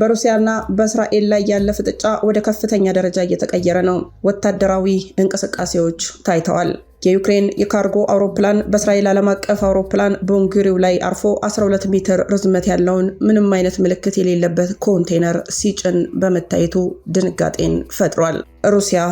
በሩሲያና በእስራኤል ላይ ያለ ፍጥጫ ወደ ከፍተኛ ደረጃ እየተቀየረ ነው። ወታደራዊ እንቅስቃሴዎች ታይተዋል። የዩክሬን የካርጎ አውሮፕላን በእስራኤል ዓለም አቀፍ አውሮፕላን ቦንጉሪው ላይ አርፎ 12 ሜትር ርዝመት ያለውን ምንም አይነት ምልክት የሌለበት ኮንቴነር ሲጭን በመታየቱ ድንጋጤን ፈጥሯል። ሩሲያ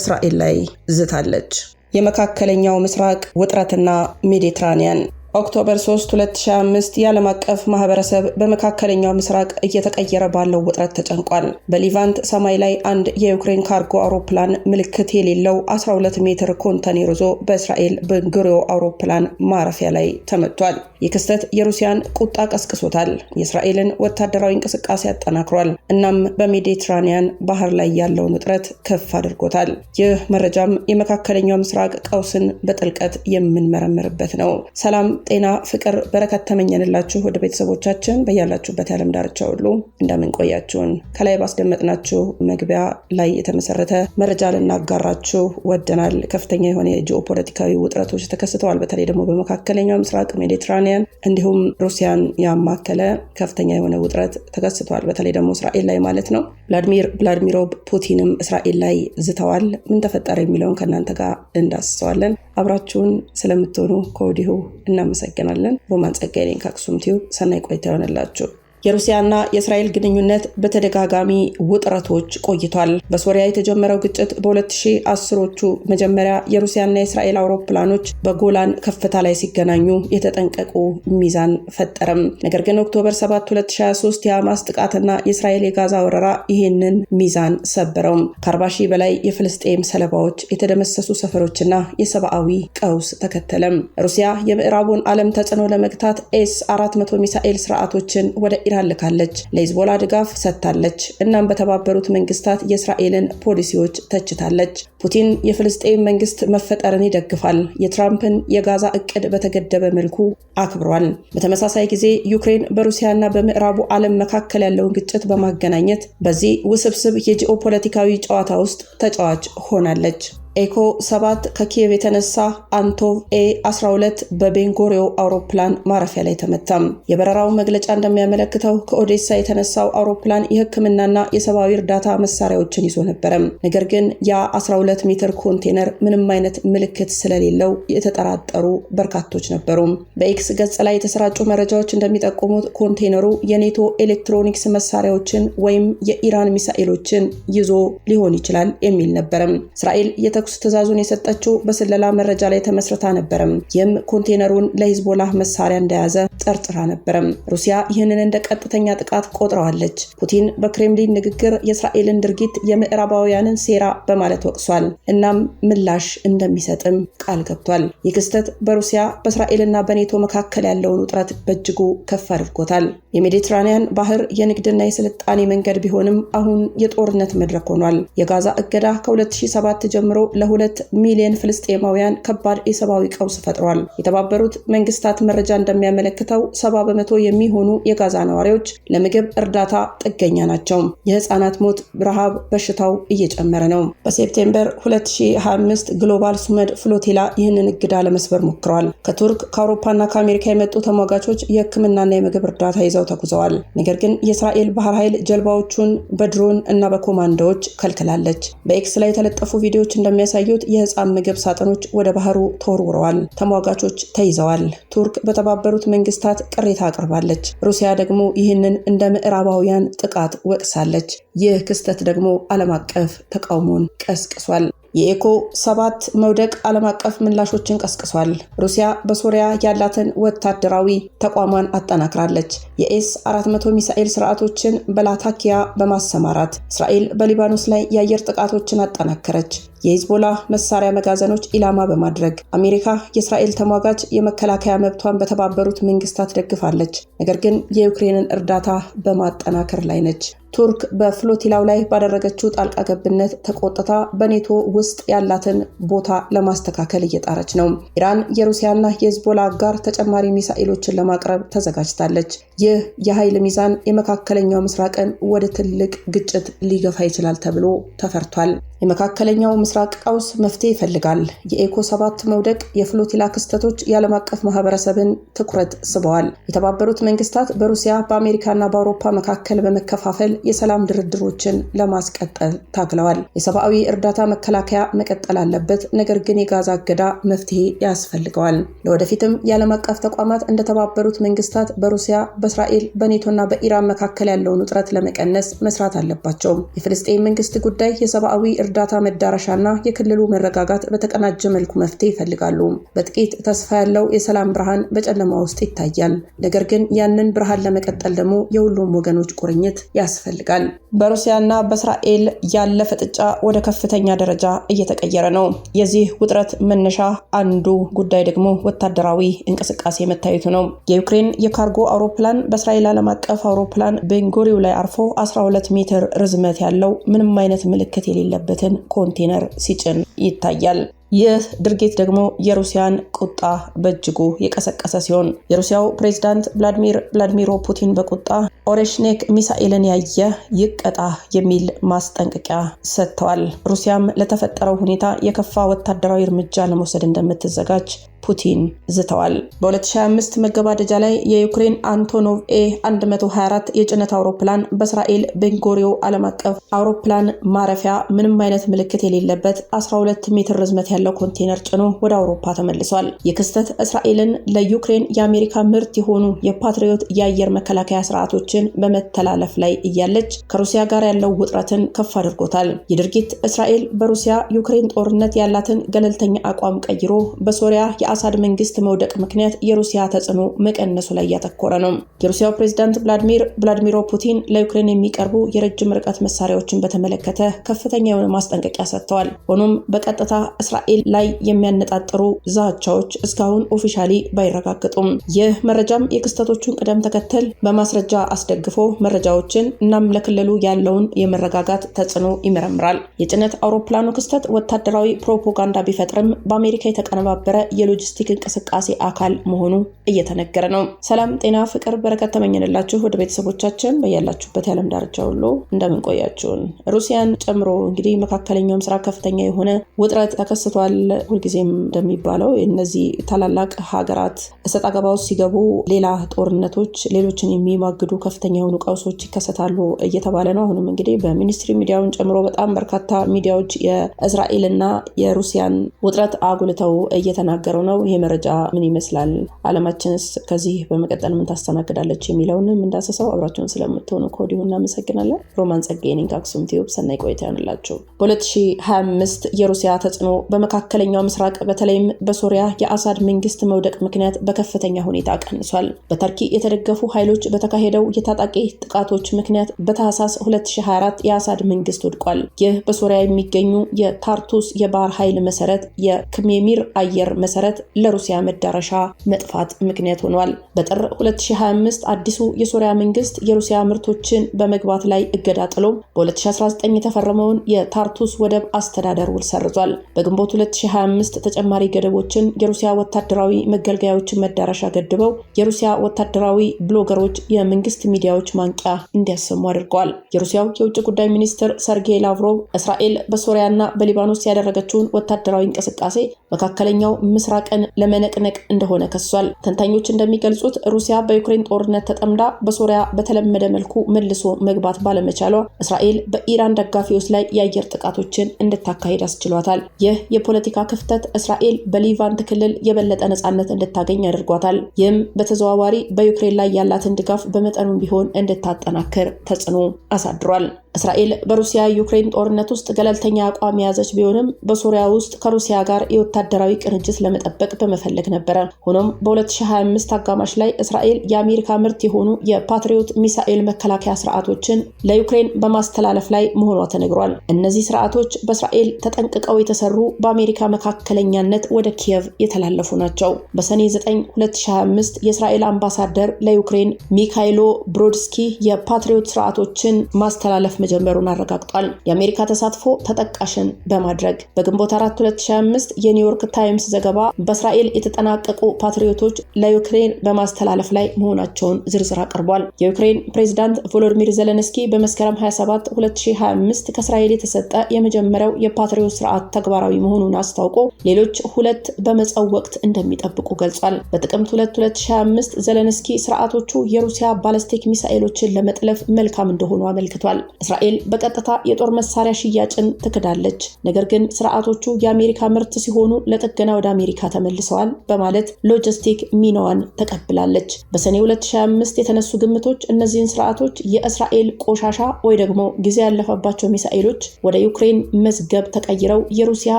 እስራኤል ላይ ዝታለች። የመካከለኛው ምስራቅ ውጥረትና ሜዲትራኒያን ኦክቶበር 3 2025 የዓለም አቀፍ ማህበረሰብ በመካከለኛው ምስራቅ እየተቀየረ ባለው ውጥረት ተጨንቋል። በሊቫንት ሰማይ ላይ አንድ የዩክሬን ካርጎ አውሮፕላን ምልክት የሌለው 12 ሜትር ኮንተኔር ይዞ በእስራኤል በንጉሪዮ አውሮፕላን ማረፊያ ላይ ተመቷል። ይህ ክስተት የሩሲያን ቁጣ ቀስቅሶታል፣ የእስራኤልን ወታደራዊ እንቅስቃሴ አጠናክሯል፣ እናም በሜዲትራኒያን ባህር ላይ ያለውን ውጥረት ከፍ አድርጎታል። ይህ መረጃም የመካከለኛው ምስራቅ ቀውስን በጥልቀት የምንመረምርበት ነው። ሰላም ጤና፣ ፍቅር፣ በረከት ተመኘንላችሁ ወደ ቤተሰቦቻችን በያላችሁበት የዓለም ዳርቻ ሁሉ እንደምንቆያችሁን ከላይ ባስደመጥናችሁ መግቢያ ላይ የተመሰረተ መረጃ ልናጋራችሁ ወደናል። ከፍተኛ የሆነ የጂኦ ፖለቲካዊ ውጥረቶች ተከስተዋል። በተለይ ደግሞ በመካከለኛው ምስራቅ ሜዲትራኒያን፣ እንዲሁም ሩሲያን ያማከለ ከፍተኛ የሆነ ውጥረት ተከስተዋል። በተለይ ደግሞ እስራኤል ላይ ማለት ነው። ቭላድሚር ቭላድሚሮቭ ፑቲንም እስራኤል ላይ ዝተዋል። ምን ተፈጠረ የሚለውን ከእናንተ ጋር እንዳስሰዋለን። አብራችሁን ስለምትሆኑ ከወዲሁ እናመሰግናለን። ሮማን ጸጋይ ነኝ ከአክሱም ቲዩብ። ሰናይ ቆይታ ይሆንላችሁ። የሩሲያና የእስራኤል ግንኙነት በተደጋጋሚ ውጥረቶች ቆይቷል። በሶሪያ የተጀመረው ግጭት በ2010ዎቹ መጀመሪያ የሩሲያና የእስራኤል አውሮፕላኖች በጎላን ከፍታ ላይ ሲገናኙ የተጠንቀቁ ሚዛን ፈጠረም። ነገር ግን ኦክቶበር 7 2023 የሐማስ ጥቃትና የእስራኤል የጋዛ ወረራ ይህንን ሚዛን ሰበረው። ከ40 ሺህ በላይ የፍልስጤም ሰለባዎች፣ የተደመሰሱ ሰፈሮችና የሰብአዊ ቀውስ ተከተለም። ሩሲያ የምዕራቡን ዓለም ተጽዕኖ ለመግታት ኤስ 400 ሚሳኤል ስርዓቶችን ወደ ኢራን ልካለች፣ ለሂዝቦላ ድጋፍ ሰጥታለች። እናም በተባበሩት መንግስታት የእስራኤልን ፖሊሲዎች ተችታለች። ፑቲን የፍልስጤም መንግስት መፈጠርን ይደግፋል፣ የትራምፕን የጋዛ እቅድ በተገደበ መልኩ አክብሯል። በተመሳሳይ ጊዜ ዩክሬን በሩሲያና በምዕራቡ ዓለም መካከል ያለውን ግጭት በማገናኘት በዚህ ውስብስብ የጂኦፖለቲካዊ ጨዋታ ውስጥ ተጫዋች ሆናለች። ኤኮ 7 ከኪየቭ የተነሳ አንቶቭ ኤ 12 በቤንጎሪዮ አውሮፕላን ማረፊያ ላይ ተመታም። የበረራው መግለጫ እንደሚያመለክተው ከኦዴሳ የተነሳው አውሮፕላን የሕክምናና የሰብአዊ እርዳታ መሳሪያዎችን ይዞ ነበረም። ነገር ግን ያ 12 ሜትር ኮንቴነር ምንም አይነት ምልክት ስለሌለው የተጠራጠሩ በርካቶች ነበሩ። በኤክስ ገጽ ላይ የተሰራጩ መረጃዎች እንደሚጠቁሙት ኮንቴነሩ የኔቶ ኤሌክትሮኒክስ መሳሪያዎችን ወይም የኢራን ሚሳኤሎችን ይዞ ሊሆን ይችላል የሚል ነበረም። እስራኤል የተኩስ ትዕዛዙን የሰጠችው በስለላ መረጃ ላይ ተመስርታ ነበረም። ይህም ኮንቴነሩን ለሂዝቦላህ መሳሪያ እንደያዘ ጠርጥራ ነበረም። ሩሲያ ይህንን እንደ ቀጥተኛ ጥቃት ቆጥረዋለች። ፑቲን በክሬምሊን ንግግር የእስራኤልን ድርጊት የምዕራባውያንን ሴራ በማለት ወቅሷል። እናም ምላሽ እንደሚሰጥም ቃል ገብቷል። ይህ ክስተት በሩሲያ በእስራኤልና በኔቶ መካከል ያለውን ውጥረት በእጅጉ ከፍ አድርጎታል። የሜዲትራኒያን ባህር የንግድና የስልጣኔ መንገድ ቢሆንም አሁን የጦርነት መድረክ ሆኗል። የጋዛ እገዳ ከ2007 ጀምሮ ለሁለት ሚሊዮን ፍልስጤማውያን ከባድ የሰብአዊ ቀውስ ፈጥሯል። የተባበሩት መንግስታት መረጃ እንደሚያመለክተው ሰባ በመቶ የሚሆኑ የጋዛ ነዋሪዎች ለምግብ እርዳታ ጥገኛ ናቸው። የህፃናት ሞት፣ ረሃብ፣ በሽታው እየጨመረ ነው። በሴፕቴምበር 2025 ግሎባል ሱመድ ፍሎቴላ ይህንን እግዳ ለመስበር ሞክረዋል። ከቱርክ ከአውሮፓና ከአሜሪካ የመጡ ተሟጋቾች የህክምናና የምግብ እርዳታ ይዘው ተጉዘዋል። ነገር ግን የእስራኤል ባህር ኃይል ጀልባዎቹን በድሮን እና በኮማንዶዎች ከልክላለች። በኤክስ ላይ የተለጠፉ ቪዲዮዎች እንደሚያ የሚያሳዩት የህፃን ምግብ ሳጥኖች ወደ ባህሩ ተወርውረዋል። ተሟጋቾች ተይዘዋል። ቱርክ በተባበሩት መንግስታት ቅሬታ አቅርባለች። ሩሲያ ደግሞ ይህንን እንደ ምዕራባውያን ጥቃት ወቅሳለች። ይህ ክስተት ደግሞ ዓለም አቀፍ ተቃውሞን ቀስቅሷል። የኤኮ ሰባት መውደቅ ዓለም አቀፍ ምላሾችን ቀስቅሷል። ሩሲያ በሶሪያ ያላትን ወታደራዊ ተቋሟን አጠናክራለች። የኤስ 400 ሚሳኤል ስርዓቶችን በላታኪያ በማሰማራት እስራኤል በሊባኖስ ላይ የአየር ጥቃቶችን አጠናከረች። የሂዝቦላ መሳሪያ መጋዘኖች ኢላማ በማድረግ አሜሪካ የእስራኤል ተሟጋች የመከላከያ መብቷን በተባበሩት መንግስታት ደግፋለች፣ ነገር ግን የዩክሬንን እርዳታ በማጠናከር ላይ ነች። ቱርክ በፍሎቲላው ላይ ባደረገችው ጣልቃ ገብነት ተቆጥታ በኔቶ ውስጥ ያላትን ቦታ ለማስተካከል እየጣረች ነው። ኢራን የሩሲያና የሂዝቦላ ጋር ተጨማሪ ሚሳኤሎችን ለማቅረብ ተዘጋጅታለች። ይህ የኃይል ሚዛን የመካከለኛው ምስራቅን ወደ ትልቅ ግጭት ሊገፋ ይችላል ተብሎ ተፈርቷል። የመካከለኛው ምስራቅ ቀውስ መፍትሄ ይፈልጋል። የኤኮ ሰባት መውደቅ የፍሎቲላ ክስተቶች የዓለም አቀፍ ማህበረሰብን ትኩረት ስበዋል። የተባበሩት መንግስታት በሩሲያ በአሜሪካና በአውሮፓ መካከል በመከፋፈል የሰላም ድርድሮችን ለማስቀጠል ታግለዋል። የሰብአዊ እርዳታ መከላከያ መቀጠል አለበት፣ ነገር ግን የጋዛ እገዳ መፍትሄ ያስፈልገዋል። ለወደፊትም የዓለም አቀፍ ተቋማት እንደተባበሩት መንግስታት በሩሲያ በእስራኤል በኔቶና በኢራን መካከል ያለውን ውጥረት ለመቀነስ መስራት አለባቸው። የፍልስጤን መንግስት ጉዳይ የሰብአዊ የእርዳታ መዳረሻና የክልሉ መረጋጋት በተቀናጀ መልኩ መፍትሄ ይፈልጋሉ። በጥቂት ተስፋ ያለው የሰላም ብርሃን በጨለማ ውስጥ ይታያል። ነገር ግን ያንን ብርሃን ለመቀጠል ደግሞ የሁሉም ወገኖች ቁርኝት ያስፈልጋል። በሩሲያና በእስራኤል ያለ ፍጥጫ ወደ ከፍተኛ ደረጃ እየተቀየረ ነው። የዚህ ውጥረት መነሻ አንዱ ጉዳይ ደግሞ ወታደራዊ እንቅስቃሴ መታየቱ ነው። የዩክሬን የካርጎ አውሮፕላን በእስራኤል ዓለም አቀፍ አውሮፕላን ቤንጎሪው ላይ አርፎ 12 ሜትር ርዝመት ያለው ምንም አይነት ምልክት የሌለበት የጭኑበትን ኮንቴነር ሲጭን ይታያል። ይህ ድርጊት ደግሞ የሩሲያን ቁጣ በእጅጉ የቀሰቀሰ ሲሆን የሩሲያው ፕሬዝዳንት ቭላዲሚር ቭላዲሚሮ ፑቲን በቁጣ ኦሬሽኔክ ሚሳኤልን ያየ ይቀጣ የሚል ማስጠንቀቂያ ሰጥተዋል። ሩሲያም ለተፈጠረው ሁኔታ የከፋ ወታደራዊ እርምጃ ለመውሰድ እንደምትዘጋጅ ፑቲን ዝተዋል። በ2025 መገባደጃ ላይ የዩክሬን አንቶኖቭ ኤ 124 የጭነት አውሮፕላን በእስራኤል ቤንጎሪዮ ዓለም አቀፍ አውሮፕላን ማረፊያ ምንም አይነት ምልክት የሌለበት 12 ሜትር ርዝመት ያለው ኮንቴነር ጭኖ ወደ አውሮፓ ተመልሷል። የክስተት እስራኤልን ለዩክሬን የአሜሪካ ምርት የሆኑ የፓትሪዮት የአየር መከላከያ ስርዓቶችን በመተላለፍ ላይ እያለች ከሩሲያ ጋር ያለው ውጥረትን ከፍ አድርጎታል። የድርጊት እስራኤል በሩሲያ ዩክሬን ጦርነት ያላትን ገለልተኛ አቋም ቀይሮ በሶሪያ የ በአሳድ መንግስት መውደቅ ምክንያት የሩሲያ ተጽዕኖ መቀነሱ ላይ እያተኮረ ነው። የሩሲያው ፕሬዝዳንት ቭላዲሚር ቭላዲሚሮ ፑቲን ለዩክሬን የሚቀርቡ የረጅም ርቀት መሳሪያዎችን በተመለከተ ከፍተኛ የሆነ ማስጠንቀቂያ ሰጥተዋል። ሆኖም በቀጥታ እስራኤል ላይ የሚያነጣጥሩ ዛቻዎች እስካሁን ኦፊሻሊ ባይረጋግጡም ይህ መረጃም የክስተቶቹን ቅደም ተከተል በማስረጃ አስደግፎ መረጃዎችን እናም ለክልሉ ያለውን የመረጋጋት ተጽዕኖ ይመረምራል። የጭነት አውሮፕላኑ ክስተት ወታደራዊ ፕሮፓጋንዳ ቢፈጥርም በአሜሪካ የተቀነባበረ የሎጂ የሎጂስቲክ እንቅስቃሴ አካል መሆኑ እየተነገረ ነው። ሰላም፣ ጤና፣ ፍቅር፣ በረከት ተመኘንላችሁ ወደ ቤተሰቦቻችን በያላችሁበት የዓለም ዳርቻ ሁሉ እንደምንቆያችሁን ሩሲያን ጨምሮ እንግዲህ መካከለኛው ምስራቅ ከፍተኛ የሆነ ውጥረት ተከስቷል። ሁልጊዜም እንደሚባለው እነዚህ ታላላቅ ሀገራት እሰጥ አገባ ውስጥ ሲገቡ ሌላ ጦርነቶች፣ ሌሎችን የሚማግዱ ከፍተኛ የሆኑ ቀውሶች ይከሰታሉ እየተባለ ነው። አሁንም እንግዲህ በሚኒስትሪ ሚዲያውን ጨምሮ በጣም በርካታ ሚዲያዎች የእስራኤልና የሩሲያን ውጥረት አጉልተው እየተናገሩ ነው። ነው? ይሄ መረጃ ምን ይመስላል? አለማችንስ ከዚህ በመቀጠል ምን ታስተናግዳለች የሚለውንም እንዳሰሰው አብራችሁን ስለምትሆኑ ከወዲሁ እናመሰግናለን። ሮማን ጸጋዬ ነኝ ከአክሱም ቲዩብ። ሰናይ ቆይታ ይሆንላችሁ። በ2025 የሩሲያ ተጽዕኖ በመካከለኛው ምስራቅ በተለይም በሶሪያ የአሳድ መንግስት መውደቅ ምክንያት በከፍተኛ ሁኔታ ቀንሷል። በተርኪ የተደገፉ ኃይሎች በተካሄደው የታጣቂ ጥቃቶች ምክንያት በታህሳስ 2024 የአሳድ መንግስት ወድቋል። ይህ በሶሪያ የሚገኙ የታርቱስ የባህር ኃይል መሰረት፣ የክሜሚር አየር መሰረት ለሩሲያ መዳረሻ መጥፋት ምክንያት ሆኗል። በጥር 2025 አዲሱ የሶሪያ መንግስት የሩሲያ ምርቶችን በመግባት ላይ እገዳ ጥሎም በ2019 የተፈረመውን የታርቱስ ወደብ አስተዳደር ውል ሰርዟል። በግንቦት 2025 ተጨማሪ ገደቦችን የሩሲያ ወታደራዊ መገልገያዎችን መዳረሻ ገድበው የሩሲያ ወታደራዊ ብሎገሮች የመንግስት ሚዲያዎች ማንቂያ እንዲያሰሙ አድርገዋል። የሩሲያው የውጭ ጉዳይ ሚኒስትር ሰርጌይ ላቭሮቭ እስራኤል በሶሪያና በሊባኖስ ያደረገችውን ወታደራዊ እንቅስቃሴ መካከለኛው ምስራቅ ቀን ለመነቅነቅ እንደሆነ ከሷል። ተንታኞች እንደሚገልጹት ሩሲያ በዩክሬን ጦርነት ተጠምዳ በሶሪያ በተለመደ መልኩ መልሶ መግባት ባለመቻሏ እስራኤል በኢራን ደጋፊዎች ላይ የአየር ጥቃቶችን እንድታካሄድ አስችሏታል። ይህ የፖለቲካ ክፍተት እስራኤል በሊቫንት ክልል የበለጠ ነጻነት እንድታገኝ አድርጓታል። ይህም በተዘዋዋሪ በዩክሬን ላይ ያላትን ድጋፍ በመጠኑም ቢሆን እንድታጠናክር ተጽዕኖ አሳድሯል። እስራኤል በሩሲያ ዩክሬን ጦርነት ውስጥ ገለልተኛ አቋም የያዘች ቢሆንም በሱሪያ ውስጥ ከሩሲያ ጋር የወታደራዊ ቅንጅት ለመጠበቅ በመፈለግ ነበረ። ሆኖም በ2025 አጋማሽ ላይ እስራኤል የአሜሪካ ምርት የሆኑ የፓትሪዮት ሚሳኤል መከላከያ ስርዓቶችን ለዩክሬን በማስተላለፍ ላይ መሆኗ ተነግሯል። እነዚህ ስርዓቶች በእስራኤል ተጠንቅቀው የተሰሩ በአሜሪካ መካከለኛነት ወደ ኪየቭ የተላለፉ ናቸው። በሰኔ 9 2025 የእስራኤል አምባሳደር ለዩክሬን ሚካይሎ ብሮድስኪ የፓትሪዮት ስርዓቶችን ማስተላለፍ መጀመሩን አረጋግጧል። የአሜሪካ ተሳትፎ ተጠቃሽን በማድረግ በግንቦት 4 2025 የኒውዮርክ ታይምስ ዘገባ በእስራኤል የተጠናቀቁ ፓትሪዮቶች ለዩክሬን በማስተላለፍ ላይ መሆናቸውን ዝርዝር አቅርቧል። የዩክሬን ፕሬዚዳንት ቮሎዲሚር ዘለንስኪ በመስከረም 27 2025 ከእስራኤል የተሰጠ የመጀመሪያው የፓትሪዮት ስርዓት ተግባራዊ መሆኑን አስታውቆ ሌሎች ሁለት በመጸው ወቅት እንደሚጠብቁ ገልጿል። በጥቅምት 2 2025 ዘለንስኪ ስርዓቶቹ የሩሲያ ባለስቲክ ሚሳኤሎችን ለመጥለፍ መልካም እንደሆኑ አመልክቷል። እስራኤል በቀጥታ የጦር መሳሪያ ሽያጭን ትክዳለች፣ ነገር ግን ስርዓቶቹ የአሜሪካ ምርት ሲሆኑ ለጥገና ወደ አሜሪካ ተመልሰዋል በማለት ሎጂስቲክ ሚናዋን ተቀብላለች። በሰኔ 2025 የተነሱ ግምቶች እነዚህን ስርዓቶች የእስራኤል ቆሻሻ ወይ ደግሞ ጊዜ ያለፈባቸው ሚሳኤሎች ወደ ዩክሬን መዝገብ ተቀይረው የሩሲያ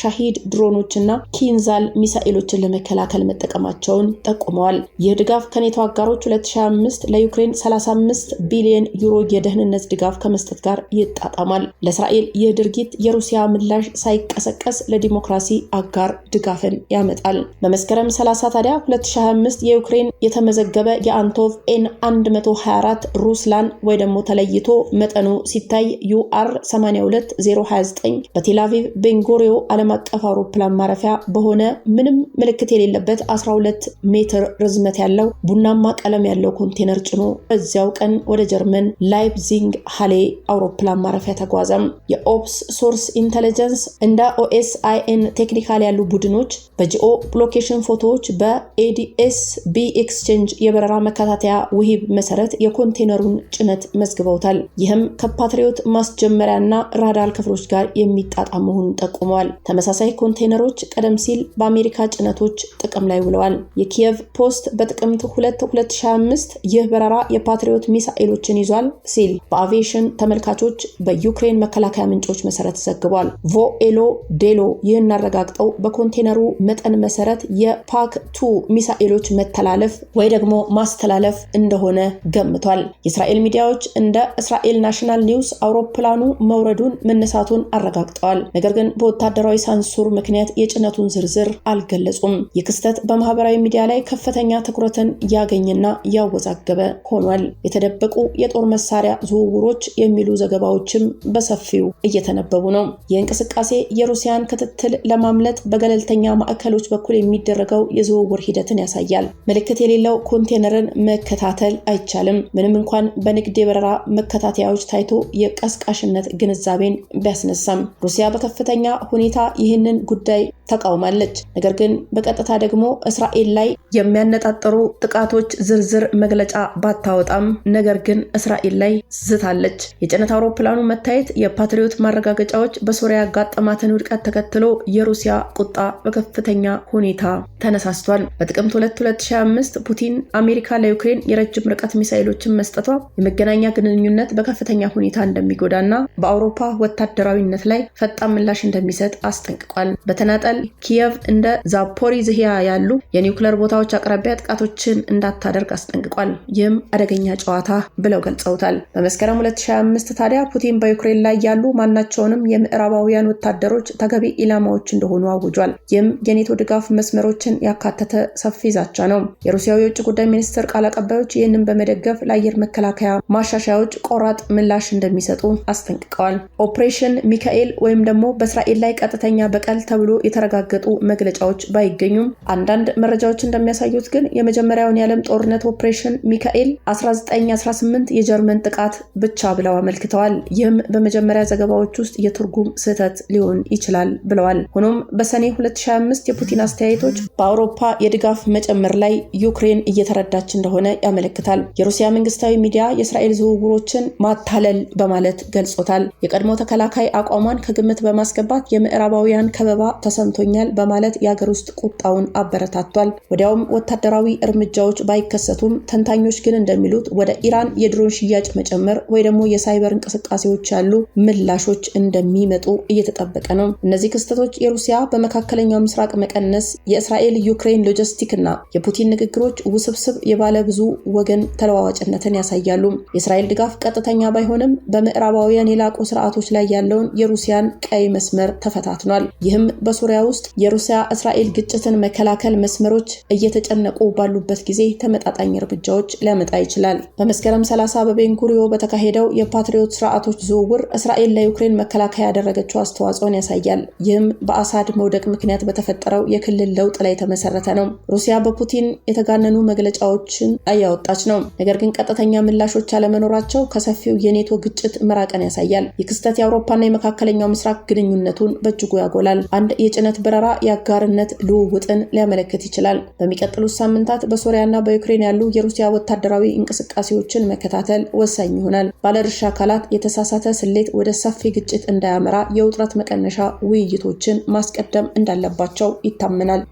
ሻሂድ ድሮኖችና ኪንዛል ሚሳኤሎችን ለመከላከል መጠቀማቸውን ጠቁመዋል። ይህ ድጋፍ ከኔቶ አጋሮች 2025 ለዩክሬን 35 ቢሊዮን ዩሮ የደህንነት ድጋፍ ከመስጠት ጋር ይጣጣማል። ለእስራኤል ይህ ድርጊት የሩሲያ ምላሽ ሳይቀሰቀስ ለዲሞክራሲ አጋር ድጋፍን ያመጣል። በመስከረም 30 ታዲያ 2025 የዩክሬን የተመዘገበ የአንቶቭ ኤን 124 ሩስላን ወይ ደግሞ ተለይቶ መጠኑ ሲታይ ዩአር 82029 በቴላቪቭ ቤንጎሪዮ ዓለም አቀፍ አውሮፕላን ማረፊያ በሆነ ምንም ምልክት የሌለበት 12 ሜትር ርዝመት ያለው ቡናማ ቀለም ያለው ኮንቴነር ጭኖ በዚያው ቀን ወደ ጀርመን ላይፕዚንግ ሃሌ አውሮፕላን ማረፊያ ተጓዘም። የኦፕስ ሶርስ ኢንተለጀንስ እንደ ኦኤስአይኤን ቴክኒካል ያሉ ቡድኖች በጂኦ ሎኬሽን ፎቶዎች በኤዲኤስ ቢ ኤክስቼንጅ የበረራ መከታተያ ውሂብ መሰረት የኮንቴነሩን ጭነት መዝግበውታል። ይህም ከፓትሪዮት ማስጀመሪያና ራዳር ክፍሎች ጋር የሚጣጣ መሆኑን ጠቁመዋል። ተመሳሳይ ኮንቴነሮች ቀደም ሲል በአሜሪካ ጭነቶች ጥቅም ላይ ውለዋል። የኪየቭ ፖስት በጥቅምት 2 2025 ይህ በረራ የፓትሪዮት ሚሳኤሎችን ይዟል ሲል በአቪዬሽን ተመ ተመልካቾች በዩክሬን መከላከያ ምንጮች መሰረት ዘግቧል። ቮኤሎ ዴሎ ይህን አረጋግጠው በኮንቴነሩ መጠን መሰረት የፓክ ቱ ሚሳኤሎች መተላለፍ ወይ ደግሞ ማስተላለፍ እንደሆነ ገምቷል። የእስራኤል ሚዲያዎች እንደ እስራኤል ናሽናል ኒውስ አውሮፕላኑ መውረዱን መነሳቱን አረጋግጠዋል። ነገር ግን በወታደራዊ ሳንሱር ምክንያት የጭነቱን ዝርዝር አልገለጹም። ይህ ክስተት በማህበራዊ ሚዲያ ላይ ከፍተኛ ትኩረትን ያገኝና ያወዛገበ ሆኗል። የተደበቁ የጦር መሳሪያ ዝውውሮች የሚሉ የሚሉ ዘገባዎችም በሰፊው እየተነበቡ ነው። የእንቅስቃሴ እንቅስቃሴ የሩሲያን ክትትል ለማምለጥ በገለልተኛ ማዕከሎች በኩል የሚደረገው የዝውውር ሂደትን ያሳያል። ምልክት የሌለው ኮንቴነርን መከታተል አይቻልም፣ ምንም እንኳን በንግድ የበረራ መከታተያዎች ታይቶ የቀስቃሽነት ግንዛቤን ቢያስነሳም ሩሲያ በከፍተኛ ሁኔታ ይህንን ጉዳይ ተቃውማለች። ነገር ግን በቀጥታ ደግሞ እስራኤል ላይ የሚያነጣጠሩ ጥቃቶች ዝርዝር መግለጫ ባታወጣም ነገር ግን እስራኤል ላይ ዝታለች። የጭነት አውሮፕላኑ መታየት፣ የፓትሪዮት ማረጋገጫዎች፣ በሶሪያ ያጋጠማትን ውድቀት ተከትሎ የሩሲያ ቁጣ በከፍተኛ ሁኔታ ተነሳስቷል። በጥቅምት 2 2025 ፑቲን አሜሪካ ለዩክሬን የረጅም ርቀት ሚሳይሎችን መስጠቷ የመገናኛ ግንኙነት በከፍተኛ ሁኔታ እንደሚጎዳና በአውሮፓ ወታደራዊነት ላይ ፈጣን ምላሽ እንደሚሰጥ አስጠንቅቋል። በተናጠል ይላል። ኪየቭ እንደ ዛፖሪዝሂያ ያሉ የኒውክለር ቦታዎች አቅራቢያ ጥቃቶችን እንዳታደርግ አስጠንቅቋል። ይህም አደገኛ ጨዋታ ብለው ገልጸውታል። በመስከረም 2025 ታዲያ ፑቲን በዩክሬን ላይ ያሉ ማናቸውንም የምዕራባውያን ወታደሮች ተገቢ ኢላማዎች እንደሆኑ አውጇል። ይህም የኔቶ ድጋፍ መስመሮችን ያካተተ ሰፊ ዛቻ ነው። የሩሲያው የውጭ ጉዳይ ሚኒስትር ቃል አቀባዮች ይህንን በመደገፍ ለአየር መከላከያ ማሻሻያዎች ቆራጥ ምላሽ እንደሚሰጡ አስጠንቅቀዋል። ኦፕሬሽን ሚካኤል ወይም ደግሞ በእስራኤል ላይ ቀጥተኛ በቀል ተብሎ የተረ የተረጋገጡ መግለጫዎች ባይገኙም አንዳንድ መረጃዎች እንደሚያሳዩት ግን የመጀመሪያውን የዓለም ጦርነት ኦፕሬሽን ሚካኤል 1918 የጀርመን ጥቃት ብቻ ብለው አመልክተዋል። ይህም በመጀመሪያ ዘገባዎች ውስጥ የትርጉም ስህተት ሊሆን ይችላል ብለዋል። ሆኖም በሰኔ 2025 የፑቲን አስተያየቶች በአውሮፓ የድጋፍ መጨመር ላይ ዩክሬን እየተረዳች እንደሆነ ያመለክታል። የሩሲያ መንግስታዊ ሚዲያ የእስራኤል ዝውውሮችን ማታለል በማለት ገልጾታል። የቀድሞ ተከላካይ አቋሟን ከግምት በማስገባት የምዕራባውያን ከበባ ተሰምቶ ተሰምቶኛል በማለት የአገር ውስጥ ቁጣውን አበረታቷል። ወዲያውም ወታደራዊ እርምጃዎች ባይከሰቱም ተንታኞች ግን እንደሚሉት ወደ ኢራን የድሮን ሽያጭ መጨመር ወይ ደግሞ የሳይበር እንቅስቃሴዎች ያሉ ምላሾች እንደሚመጡ እየተጠበቀ ነው። እነዚህ ክስተቶች የሩሲያ በመካከለኛው ምስራቅ መቀነስ፣ የእስራኤል ዩክሬን ሎጂስቲክ እና የፑቲን ንግግሮች ውስብስብ የባለ ብዙ ወገን ተለዋዋጭነትን ያሳያሉ። የእስራኤል ድጋፍ ቀጥተኛ ባይሆንም በምዕራባውያን የላቁ ስርዓቶች ላይ ያለውን የሩሲያን ቀይ መስመር ተፈታትኗል። ይህም በሱሪያ ውስጥ የሩሲያ እስራኤል ግጭትን መከላከል መስመሮች እየተጨነቁ ባሉበት ጊዜ ተመጣጣኝ እርምጃዎች ሊያመጣ ይችላል። በመስከረም 30 በቤንጉሪዮ በተካሄደው የፓትሪዮት ስርዓቶች ዝውውር እስራኤል ለዩክሬን መከላከያ ያደረገችው አስተዋጽኦን ያሳያል። ይህም በአሳድ መውደቅ ምክንያት በተፈጠረው የክልል ለውጥ ላይ የተመሰረተ ነው። ሩሲያ በፑቲን የተጋነኑ መግለጫዎችን እያወጣች ነው። ነገር ግን ቀጥተኛ ምላሾች አለመኖራቸው ከሰፊው የኔቶ ግጭት መራቅን ያሳያል። ይህ ክስተት የአውሮፓና የመካከለኛው ምስራቅ ግንኙነቱን በእጅጉ ያጎላል። አንድ የጭነት የጭነት በረራ የአጋርነት ልውውጥን ሊያመለክት ይችላል። በሚቀጥሉት ሳምንታት በሶሪያና በዩክሬን ያሉ የሩሲያ ወታደራዊ እንቅስቃሴዎችን መከታተል ወሳኝ ይሆናል። ባለድርሻ አካላት የተሳሳተ ስሌት ወደ ሰፊ ግጭት እንዳያመራ የውጥረት መቀነሻ ውይይቶችን ማስቀደም እንዳለባቸው ይታመናል።